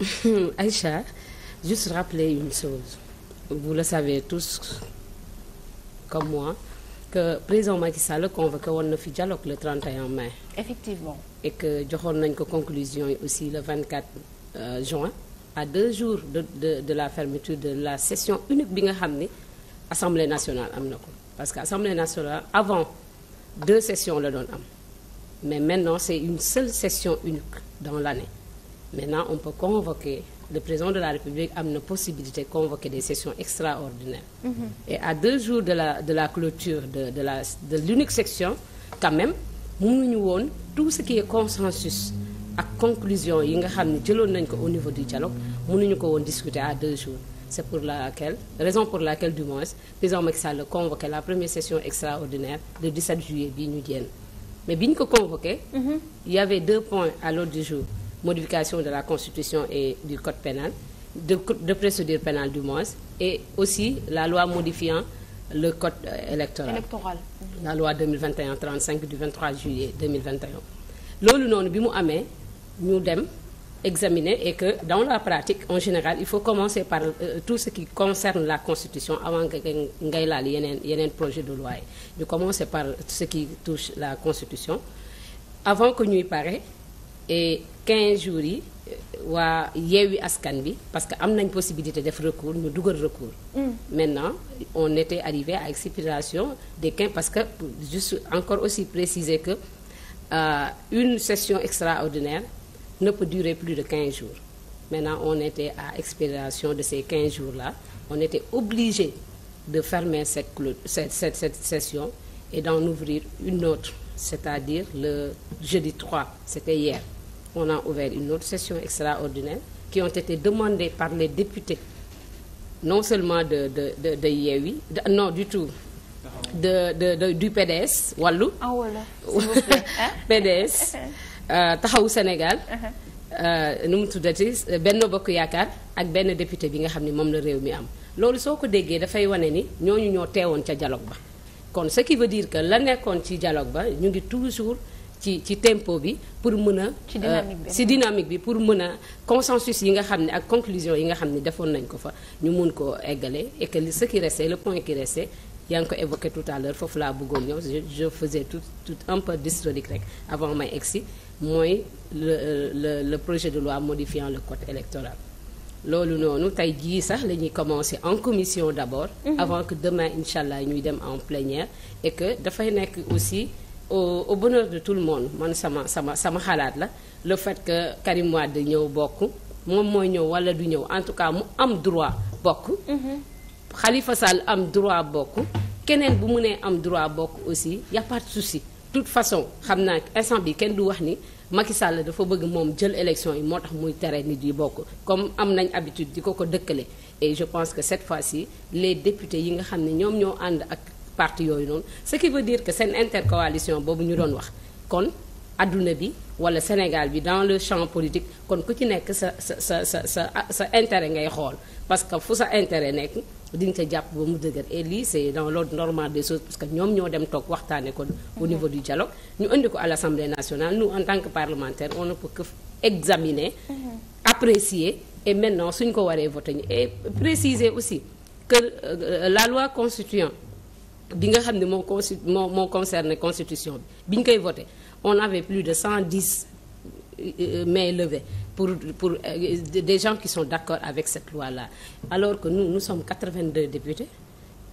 Aïcha juste rappeler une chose vous le savez tous comme moi que président Macky Sall convoqué woon na fi dialogue le 31 mai. effectivement et que joxoon nañ ko conclusion aussi le 24 euh, juin à deux jours de de de la fermeture de la session unique bi nga xam ni assemblée nationale am na ko parce que assemblée nationale avant deux sessions la doon am mais maintenant c'est une seule session unique dans l'année maintenant on peut convoquer le président de la République am na possibilité convoquer des sessions extraordinaires mhm. et à deux jours de la de la clôture de de la de l'unique section quand même ñu woon tout ce qui est consensus ak conclusion yi nga xam ni jëloon nañ ko au niveau du dialogue mënuñu ko woon discuter à deux jours c'est pour laquelle raison pour laquelle du moins président Macky Sall convoqué la première session extraordinaire le 17 juillet bii ñu génn mais bi ñu ko convoqué mhm. il y avait deux points à l'ordre modification de la constitution et du code pénal de, de procédure pénale du moins et aussi la loi modifiant le code euh, électoral, électoral. la loi 2021-35 du 23 juillet 2021 loolu noonu bi mu amee ñu dem examiner et que dans la pratique en général il faut commencer par euh, tout ce qui concerne la constitution avant que ngay laal yeneen yeneen projet de loi yi ñu commencer par ce qui touche la constitution avant que ñuy pare et 15 jours yi waa yeewi askan bi parce que am nañ possibilité def recours ñu dugal recours. Mm. maintenant on était arrivé à expiration des 15 parce que juste encore aussi préciser que euh, une session extraordinaire ne peut durer plus de quinze jours maintenant on était à expiration de ces quinze jours là on était obligé de fermer cette clôt cette, cette cette session et d'en ouvrir une autre c'est-à-dire le jeudi 3 c'était hier. on a ouvert une autre session extraordinaire qui ont été par les députés non seulement de de de de Yewwi non du tout de de, de du PDS wàllu ah, voilà. PDS euh, Taxawu Sénégal uh-huh. Uh-huh. Euh, nu mu tuddati Benno Bokk Yaakaar ak benn député bi nga xam ne moom la réew mi am loolu soo ko déggee dafay wane ni ñooñu ñoo teewoon ca dialogue ba kon ce qui veut dire que la nekkoon ci dialogue ba ñu ngi toujours ci ci tempo bi pour mën a. ci euh, dynamique bi si dynamique bi pour mën a consensus yi nga xam ne ak conclusion yi nga xam ne defoon nañ ko fa ñu mun ko eggale et que li ce qui le point qui restait yaa ngi ko évoqué tout à l'heure foofu laa bëggoon ñëw je je faisais tout tout un peu d'historique rek avant may egsi mooy le le le projet de loi modifiant le code électoral. loolu noonu tey jii sax la ñuy commencer en commission d'abord. Mm-hmm. avant que demain incha allah ñuy dem en plénière que dafay nekk aussi. au au bonheur de tout le monde man sama sama sama xalaat la le fait que Karim Wade ñëw bokk moom mooy ñëw wala du ñëw en tout cas mu am droit bokk. Mhm. Khalifa Sall am droit bokk keneen bu mu nee am droit bokk aussi y a pas de souci toute façon xam naa instant bi kenn du wax ni. Macky Sall dafa bëgg moom jël élection yi moo tax muy tere nit yi bokk comme am nañ habitude di ko ko dëkkale et je pense que cette fois yi les députés yi nga xam ne ñoom ñoo ànd ak parti yooyu noonu ce qui veut dire que seen intercoalition boobu ñu doon wax kon adduna bi wala Sénégal bi dans le champ politique kon ku ci nekk sa sa sa sa sa sa ngay xool parce que fu sa intérêt nekk di nga ca jàpp ba mu dëgër et lii c'est dans l'ordre normal des choses parce que ñoom ñoo dem toog waxtaane ko au niveau du dialogue ñu indi ko à l'Assemblée nationale nous en tant que parlementaires on ne peut que examiner apprécier et maintenant suñ ko waree voter bi nga xam ne moo consi moo moo concerne constitution bi bi ñu koy voté on avait plus de cent dix euh, euh, mains levées pour pour euh, des gens qui sont d'accord avec cette loi-là alors que nous nous sommes quatre-vingt-deux députés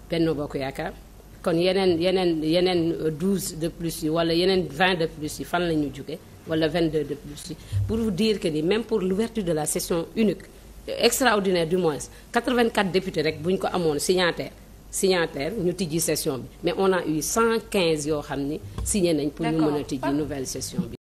Benno Bokk Yaakaar kon yeneen yeneen yeneen douze de plus yi wala yeneen vingt de plus yi fan la ñu jóge wala vingt-deux de plus yi pour vous dire ni même pour l'ouverture de la session unique extraordinaire du moins quatre-vingt-quatre députés rek bu ñu ko amoon signataire signataires ñu tijji session bi mais on a eu 115 yoo xam ni signé nañ pour ñu mën a tijji nouvelle session bi